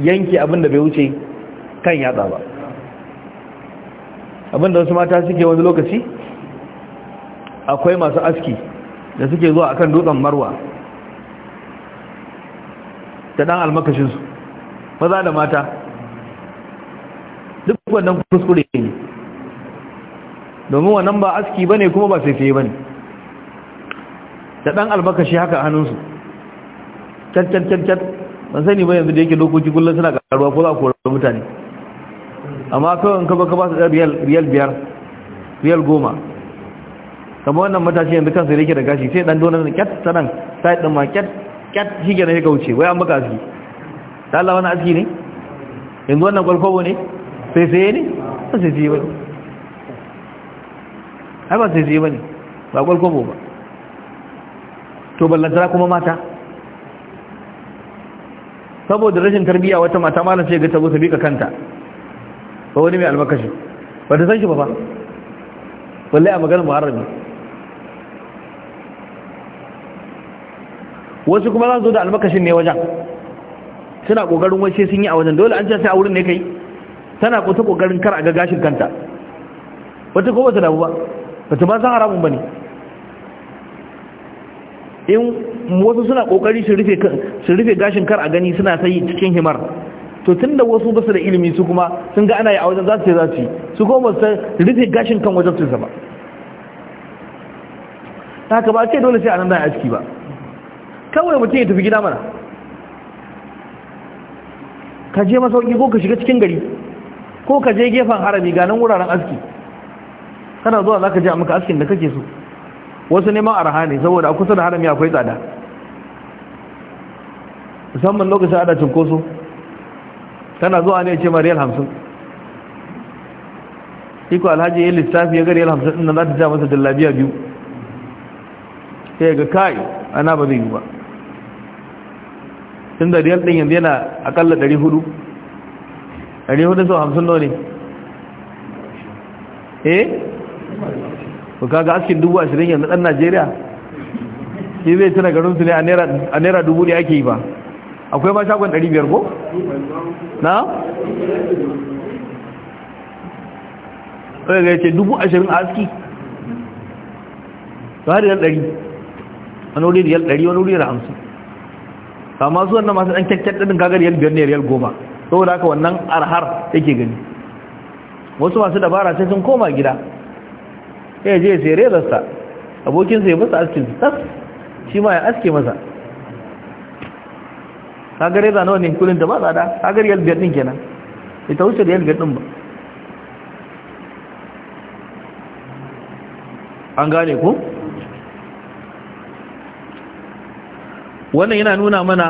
yanki abinda bai wuce kan yatsa ba abinda wasu mata suke wani lokaci akwai masu aski da suke zuwa akan dutsen marwa da dan almakashinsu maza da mata duk wannan kuskure ne domin wannan ba aski bane kuma ba sai fefe bane da dan almakashi haka a hannunsu can can can ban sani ba yanzu da yake dokoki kullum suna karuwa ko za a kora mutane amma kawai in ka baka ba su da riyal biyar riyal goma kamar wannan matashi yanzu kansa yake da gashi sai dan dona da kyat sanan sai din ma kyat kyat shi ke na wuce wai an baka aski ta Allah wani aski ne yanzu wannan kwalkwabo ne sai sai ne sai sai ba. ai ba sai sai bane ba gwalgwabo ba to ballantara kuma mata saboda rashin tarbiyya wata mata malam sai ga tabo ta bika kanta ba wani mai almakashi ba ta san shi ba ba wallahi a maganar muharrami wasu kuma za su zo da almakashin ne wajen suna kokarin wace sun yi a wajen dole an ce sai a wurin ne kai tana kusa kokarin kar a ga gashin kanta wata kowace wata damu ba bata ma san haramun ne. in wasu suna kokari su rufe gashin kar a gani suna sai cikin himar to tunda wasu basu da ilimi su kuma sun ga ana yi a wajen za su ce za su yi su kuma su rufe gashin kan wajen su ba ta haka ba ce dole sai a nan da aski ba kawai mutum ya tafi gida mana ka je masauki ko ka shiga cikin gari ko ka je gefen harami ganin wuraren aski kana zuwa zaka je a maka askin da kake so wasu neman arha ne saboda a kusa da harami akwai tsada musamman lokacin ada cinkoso kana zuwa ne ce ma riyal hamsin iko alhaji ya lissafi ya gari riyal hamsin ɗin nan za ta ja masa dallabiya biyu sai ga kai ana ba zai yi ba tun da riyal ɗin yanzu yana akalla 400 400 sau hamsin ne eh ba kaga askin dubu ashirin yanzu dan najeriya shi zai tana garin su ne a naira dubu ne ake yi ba akwai ma shagon dari biyar ko? na? ɗaga ya ce dubu ashirin a aski ba yal ɗari wani wuri riyal ɗari wani wuri da hamsin amma su wannan masu ɗan kyakkyan ɗin kaga yal biyar ne riyal goma saboda haka wannan arhar yake gani wasu masu dabara sai sun koma gida sai je sai rezarsa abokinsa ya masa askin tas shi ma ya aske masa kaga za nawa ne kulin da ba tsada kaga riyal biyar din kenan ita wuce riyal biyar din ba an gane ku wannan yana nuna mana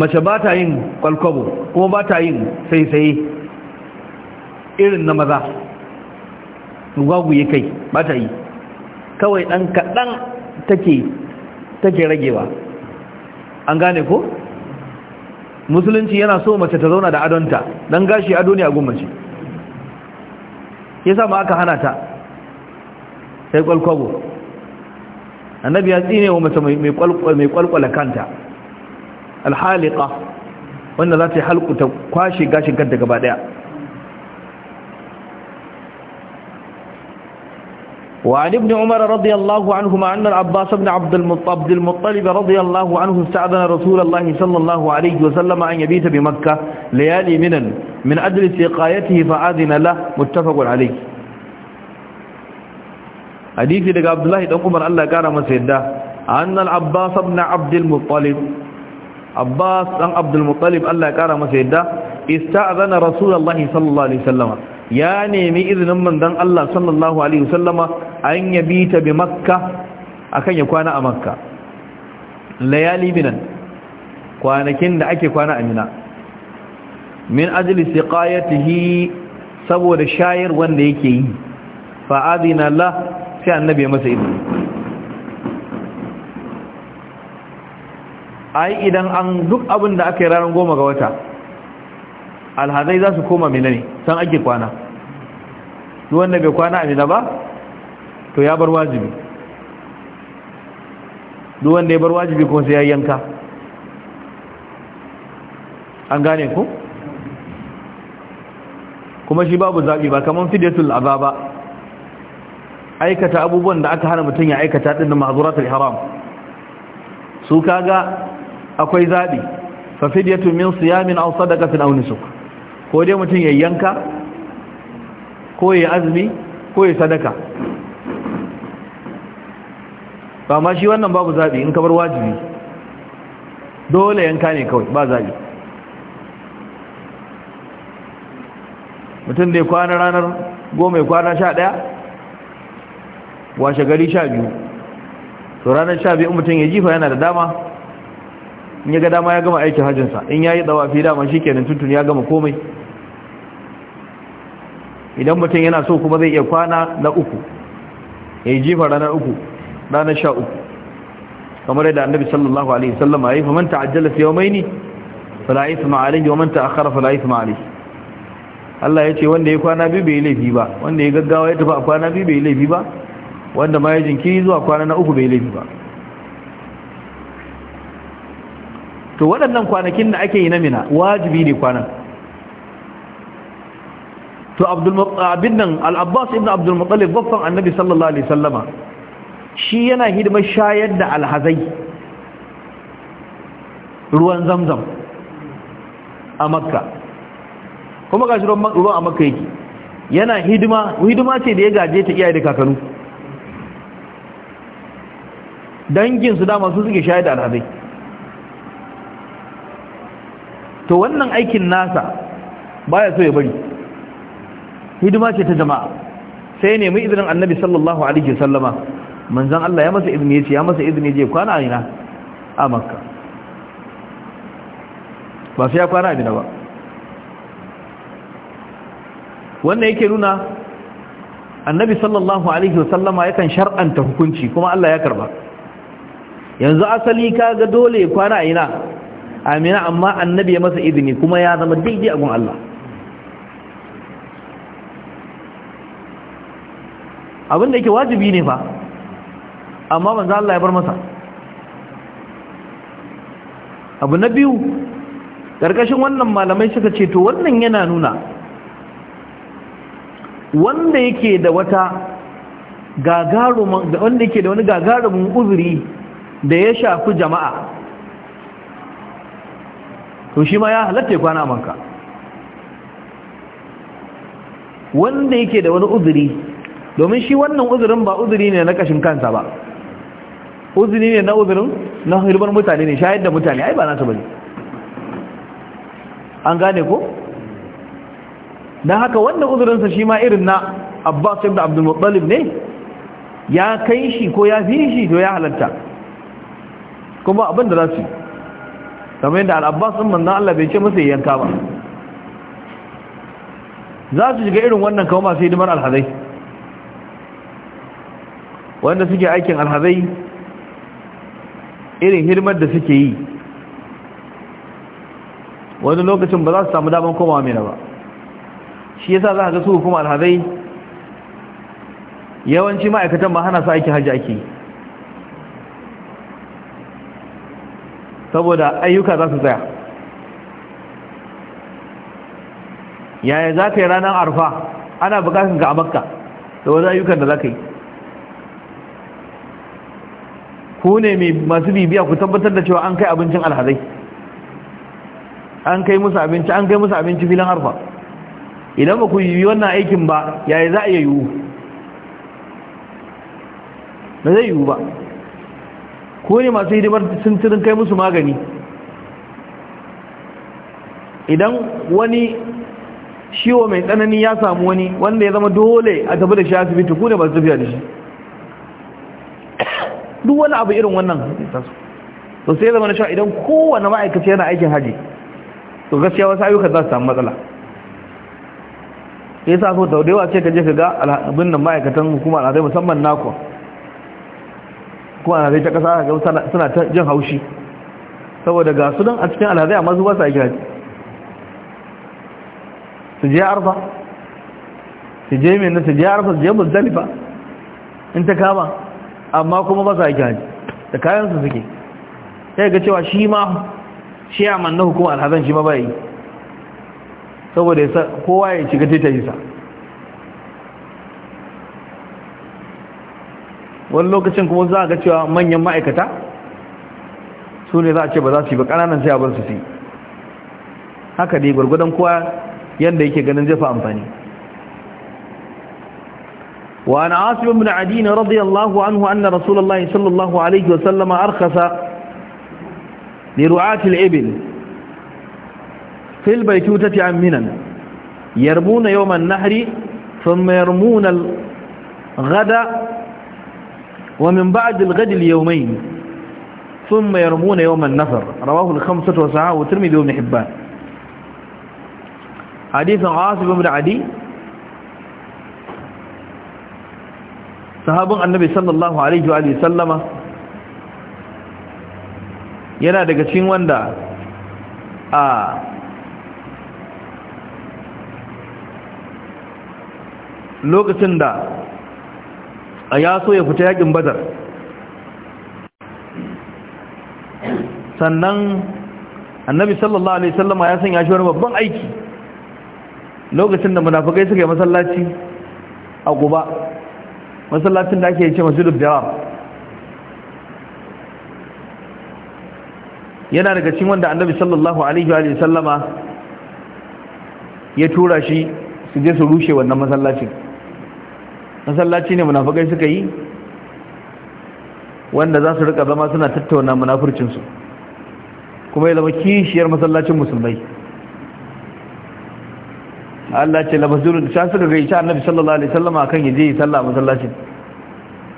mace ba ta yin kwalkwabo kuma ba ta yin sai-sai irin na maza ya kai ba ta yi kawai ɗan kaɗan take ragewa an gane ko musulunci yana so mace ta zauna da adonta don gashi ado ne a gummace ya ma aka hana ta sai kwalkwago. annabi ya tsine wa mace mai kwalkwala kanta alhalika wanda za ta yi halkuta kwashe gashin kanta gaba ɗaya. وعن ابن عمر رضي الله عنهما أن العباس بن عبد المطلب رضي الله عنه استأذن رسول الله صلى الله عليه وسلم أن يبيت بمكة ليالي من من أجل سقايته فآذن له متفق عليه حديث لك عبد الله بن عمر الله كان مسيدا أن العباس بن عبد المطلب عباس بن عبد المطلب الله كان مسيدا استأذن رسول الله صلى الله عليه وسلم ya nemi izinin manzon Allah sallallahu alaihi wasallama an yabi ta bi makka akan ya kwana a makka layali binan kwanakin da ake kwana a mina min ajli siqayatihi saboda shayar wanda yake yi fa adina Allah sai annabi ya masa izini ai idan an duk abin da aka yi ranar goma ga wata alhazai za su koma mina ne san ake kwana duk wanda bai kwana a mina ba to ya bar wajibi duk wanda ya bar wajibi kuma sai ya yanka an gane ku kuma shi babu zaɓi ba kamar fidiyatul a ba aikata abubuwan da aka hana mutum ya aikata ɗin da ma'azuratul haram su kaga akwai zaɓi fa fidiyatu min siyamin aw sadaqatin aw nusuk ko dai mutum ya yanka ko ya azumi ko ya sadaka ba ma shi wannan babu zaɓi in bar wajibi dole yanka ne kawai ba zaɓi mutum da ya kwana ranar goma ya kwana sha ɗaya washe gari sha biyu to ranar sha biyu mutum ya jifa yana da dama in ya ga dama ya gama aikin hajjinsa in ya yi fi dama shi kenan tuntun ya gama komai idan mutum yana so kuma zai iya kwana na uku ya yi jifa ranar uku ranar sha uku kamar yadda annabi sallallahu alaihi sallam ya yi fa man ta'ajjala fi yawmaini fala ithma yi wa manta a kara ithma alayhi Allah ya ce wanda ya kwana biyu bai laifi ba wanda ya gaggawa ya tafi a kwana biyu bai laifi ba wanda ma ya jinkiri zuwa kwana na uku bai laifi ba to waɗannan kwanakin da ake yi na mina wajibi ne kwanan to abin nan al'abbas ibn abdulmutsalif babban annabi sallallahu alaihi sallama shi yana hidimar shayar da alhazai ruwan zamzam a makka kuma ga shi ruwan a makka yake yana hidima hidima ce da ya gaje ta iyaye da kakanu danginsu dama su suke shayar da alhazai to wannan aikin nasa baya so ya bari hidima ce ta jama'a sai ya nemi izinin annabi sallallahu alaihi wasallama manzon Allah ya masa izini yace ya masa izini je kwana a ina a makka ba sai ya kwana a ina ba wannan yake nuna annabi sallallahu alaihi wasallama yakan shar'anta hukunci kuma Allah ya karba yanzu asali kaga dole kwana a ina amina amma annabi ya masa izini kuma ya zama daidai a gun Allah abin da yake wajibi ne fa amma manzo Allah ya bar masa abu na biyu karkashin wannan malamai suka ce to wannan yana nuna wanda yake da wata gagarumin wanda yake da wani gagarumin uzuri da ya shafi jama'a to shi ma ya halatta ya kwana a manka wanda yake da wani uzuri domin shi wannan uzurin ba uzuri ne na kashin kansa ba uzuri ne na uzurin na hirbar mutane ne shayar da mutane ai ba nasu bane an gane ko don haka wannan uzurinsa shi ma irin na abbas ibn abdul muttalib ne ya kai shi ko ya fi shi to ya halatta kuma abin da za su yi kamar yadda al'abbas ɗin manzan Allah bai ce masa yanka ba za su shiga irin wannan kawo masu hidimar alhazai wanda suke aikin alhazai irin hidimar da suke yi wani lokacin ba za su samu daman komawa mai ba shi yasa za a ga su kuma alhazai yawanci ma'aikatan ba hana su aikin hajji ake yi saboda ayyuka za su tsaya yaya za ka yi ranar arfa ana bukatun ga a makka da wani ayyukan da za ka yi ku ne masu bibiya ku tabbatar da cewa an kai abincin alhazai an kai musu abinci an kai musu abinci filin arfa idan ba ku yi wannan aikin ba yaya za a iya yiwu ba zai yiwu ba ko ne masu hidimar sintirin kai musu magani idan wani shiwo mai tsanani ya samu wani wanda ya zama dole a tafi da shi asibiti ko ne masu tafiya da shi duk wani abu irin wannan to sai zama na sha idan kowane ma'aikaci yana aikin haji to gaskiya wasu ayyukan za su samu matsala ya sa so da yawa ce ka je ka ga abin nan ma'aikatan hukumar zai musamman nakon kuma alhazai ta kasa ga suna ta jin haushi saboda ga su don a cikin alhazai amma su a gidaje su je arfa su je mai na su je arfa su je muzdalifa in ta kama amma kuma ba a gidaje da kayansu suke sai ga cewa shi ma shi a manna hukumar alhazan shi ma bai saboda kowa ya shiga ta yi sa wani lokacin kuma za a ga cewa manyan ma'aikata su ne za a ce ba za su yi ba ƙananan sai a bar su haka dai gwargwadon kowa yadda yake ganin jefa amfani وعن عاصم بن عدين رضي الله عنه أن رسول الله صلى الله عليه وسلم أرخص لرعاة الإبل في البيتوتة عن منن يرمون يوم النهر ثم يرمون الغد ومن بعد الغد اليومين ثم يرمون يوم النفر رواه الخمسة وسعاه وترمذي وابن حبان حديث عاصم بن عدي sahabin annabi sallallahu alaihi wa sallama yana daga cikin wanda a lokacin da a ya so ya fita yakin badar sannan annabi sallallahu alaihi sallama ya sanya shi wani babban aiki lokacin da munafukai suka yi masallaci a guba masallacin da ake yi ce masjidul jawab yana daga cikin wanda annabi sallallahu alaihi wa sallama ya tura shi su je su rushe wannan masallacin masallaci ne munafukai suka yi wanda za su rika zama suna tattauna munafurcinsu kuma ya zama kishiyar masallacin musulmai Allah ce labazulu da shan suka gaishe annabi sallallahu alaihi wasallam kan yaje yi sallah masallacin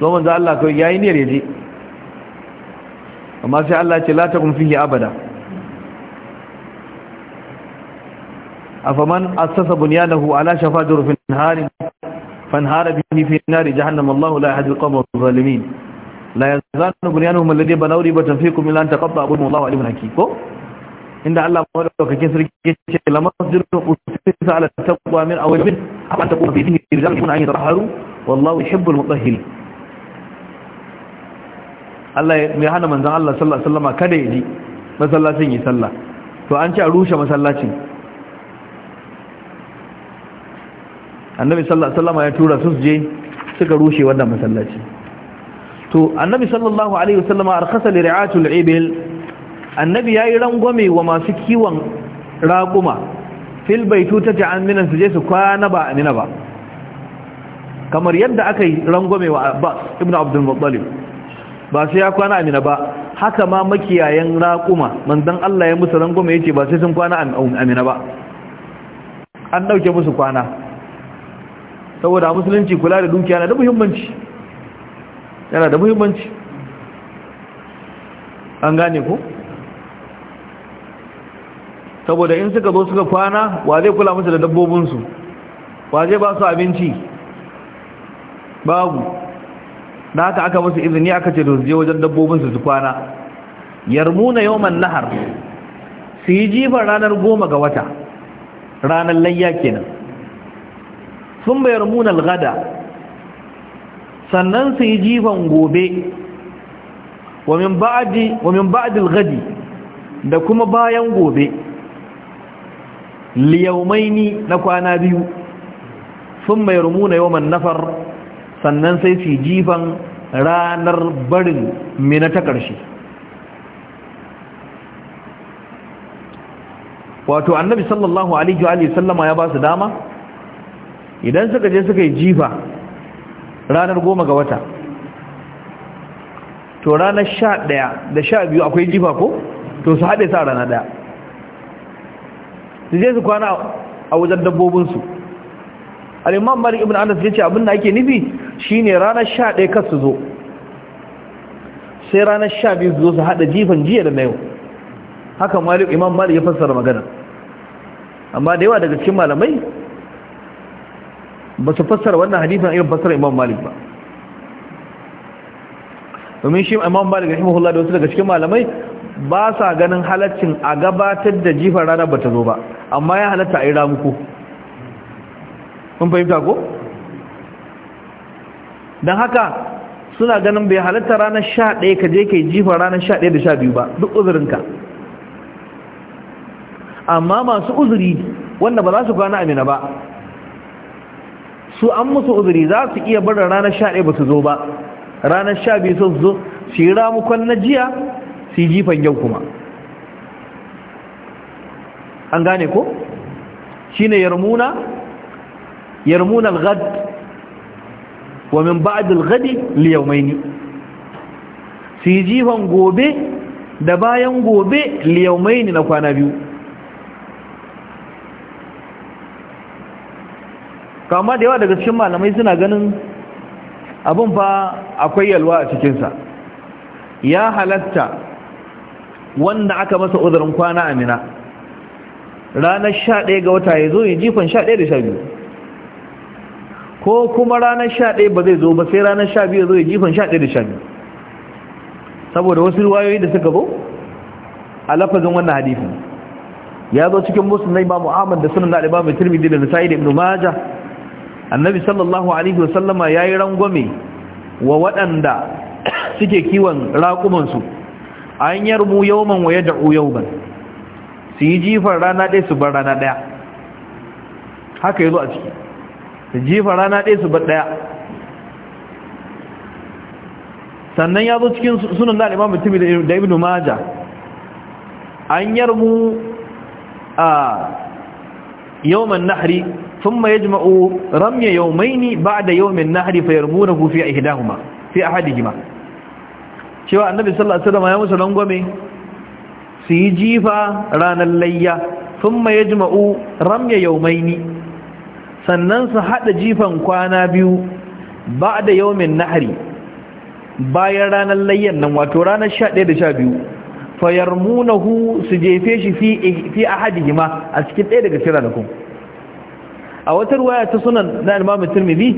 don manzo Allah kai yayi niyyar yaje amma sai Allah ce la kun fihi abada afaman asasa bunyanahu ala shafa jurfin harin فانهار به في نار جهنم الله لا يهدي القوم الظالمين لا يزال بنيانهم الذي بنوا ريبة فيكم إلا أن تقطع أبوهم الله عليهم حكيكو عند الله مولوك كسر كسر لما تجر قصص على التقوى من أول من أما أن تقوم بإذنه رجال يكون عين رحلوا والله يحب المطهرين الله يحن من ذا الله صلى الله عليه وسلم كده مثل الله سيني صلى فأنت أروش مثل الله annabi sallallahu alaihi wasallam ya tura su je suka rushe wannan masallaci to annabi sallallahu alaihi wasallam arkhasa li ri'atul ibil annabi yayi rangwame wa masu kiwon raquma fil baituta ta'an minan su je su kwana ba amina ba kamar yadda aka yi rangwame wa Abbas ibn Abdul Muttalib ba sai ya kwana amina ba haka ma makiyayen raƙuma manzon Allah ya musu rangwame yace ba sai sun kwana amina ba an dauke musu kwana saboda musulunci kula da dukiya na da muhimmanci yana da muhimmanci an gane ku saboda in suka zo suka kwana wa zai kula musu da dabbobinsu wa zai ba su abinci babu da haka aka musu izini aka ce su je wajen dabbobinsu su kwana yarmuna yawman nahar su yi jifar ranar goma ga wata ranar layya kenan sun bayar munar gada sannan su yi jifan gobe wamin ba'adil gadi da kuma bayan gobe liyaumaini na kwana biyu sun bayar muna yawan nafar sannan sai su jifan ranar barin mina ta ƙarshe wato annabi sallallahu alaihi wa sallama ya ba su dama idan suka je suka yi jifa ranar goma ga wata to ranar sha daya da sha biyu akwai jifa ko to su haɗe sa rana daya su je su kwana a wajen dabbobinsu al'imman malik ibn anas ya ce abin ake nufi shine ranar sha daya kasu su zo sai ranar sha biyu su zo su haɗa jifan jiya da na yau haka malik imam malik ya fassara magana amma da yawa daga cikin malamai ba su fassara wannan hadisin irin fassara imam malik ba domin shi imam malik rahimahullah da wasu daga cikin malamai ba sa ganin halaccin a gabatar da jifar rana ba ta zo ba amma ya halatta a yi ramuku kun fahimta ko? don haka suna ganin bai halatta ranar sha ɗaya ka je ka jifar ranar sha ɗaya da sha biyu ba duk uzurinka amma masu uzuri wanda ba za su kwana amina ba su an musu uzuri za su iya bar ranar sha ɗaya ba su zo ba ranar sha biyu sun zo su yi ramukon na jiya su yi jifan yau kuma an gane ko shi ne yarmuna yarmuna Gad, wa min ba'd al-ghadi li yawmaini su yi jifan gobe da bayan gobe li yawmaini na kwana biyu kama da yawa daga cikin malamai suna ganin abin fa akwai yalwa a cikinsa ya halatta wanda aka masa uzurin kwana amina ranar sha ɗaya ga wata ya zo ya jifan sha ɗaya da sha biyu ko kuma ranar sha ɗaya ba zai zo ba sai ranar sha biyu ya zo ya jifan sha ɗaya da sha biyu saboda wasu ruwayoyi da suka zo a lafazin wannan hadifin. ya zo cikin musulmai ba mu'amman da sunan da alibamu turmi da nisa'i da ibn majah annabi sallallahu alaihi wasallama ya yi rangwame wa waɗanda [COUGHS] suke kiwon raƙumansu an yarmu yauman wa ya da'u yauman su yi jifar rana ɗaya su bar rana ɗaya haka yi zo a ciki su jifar rana ɗaya su bar ɗaya sannan ya zo cikin sunan da al'imam mutum da ibn maja an yarmu a ah, يوم النحر ثم يجمع رمي يومين بعد يوم النحر فيرمونه في إحداهما في أحدهما cewa annabi sallallahu alaihi wasallam ya musu langwame su yi jifa ranar layya thumma yajma'u ramya yawmaini sannan su hada jifan kwana biyu ba'da yawmin nahri bayan ranar layyan nan wato ranar 11 da biyu. fayarmunahu su jefe shi fi ahadihima a cikin ɗaya daga cikin ranakun a wata ruwaya ta sunan na imamu tirmidhi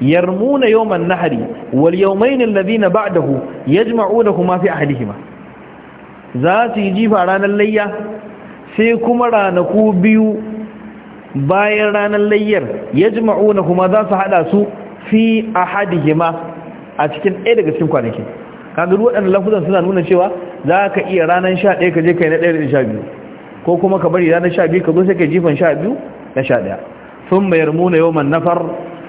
yarmuna yawman nahari wal yawmain alladhina ba'dahu yajma'unahuma fi ahadihima za su yi jifa ranar layya sai kuma ranaku biyu bayan ranar layyar kuma za su haɗa su fi ahadihima a cikin ɗaya daga cikin kwanakin kaga duk waɗannan lafuzan suna nuna cewa za ka iya ranar sha ɗaya ka je kai na ɗaya da sha biyu ko kuma ka bari ranar sha biyu ka zo sai ka jifan sha biyu na sha ɗaya sun mayar muna man nafar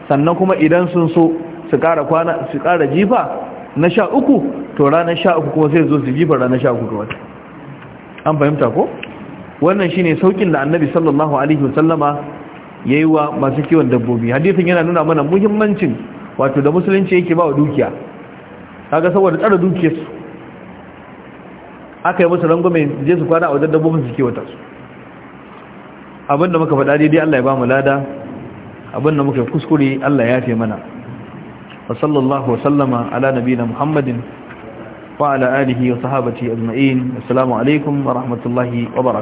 sannan kuma idan sun so su ƙara kwana su ƙara jifa na sha uku to ranar sha uku kuma sai zo su jifa ranar sha uku wata an fahimta ko wannan shine saukin da annabi sallallahu alaihi wasallama yi wa masu kiwon dabbobi hadisin yana nuna mana muhimmancin wato da musulunci yake ba wa dukiya kaga saboda tsara dukiyarsu aka yi musu rangume je su kwana a wajen dabbobin su kewata su abinda muka faɗa daidai Allah ya ba mu lada abinda muka kuskure Allah ya fi mana wa sallallahu wa sallama ala muhammadin wa ala alihi wa sahabati ajma'in assalamu alaikum wa rahmatullahi wa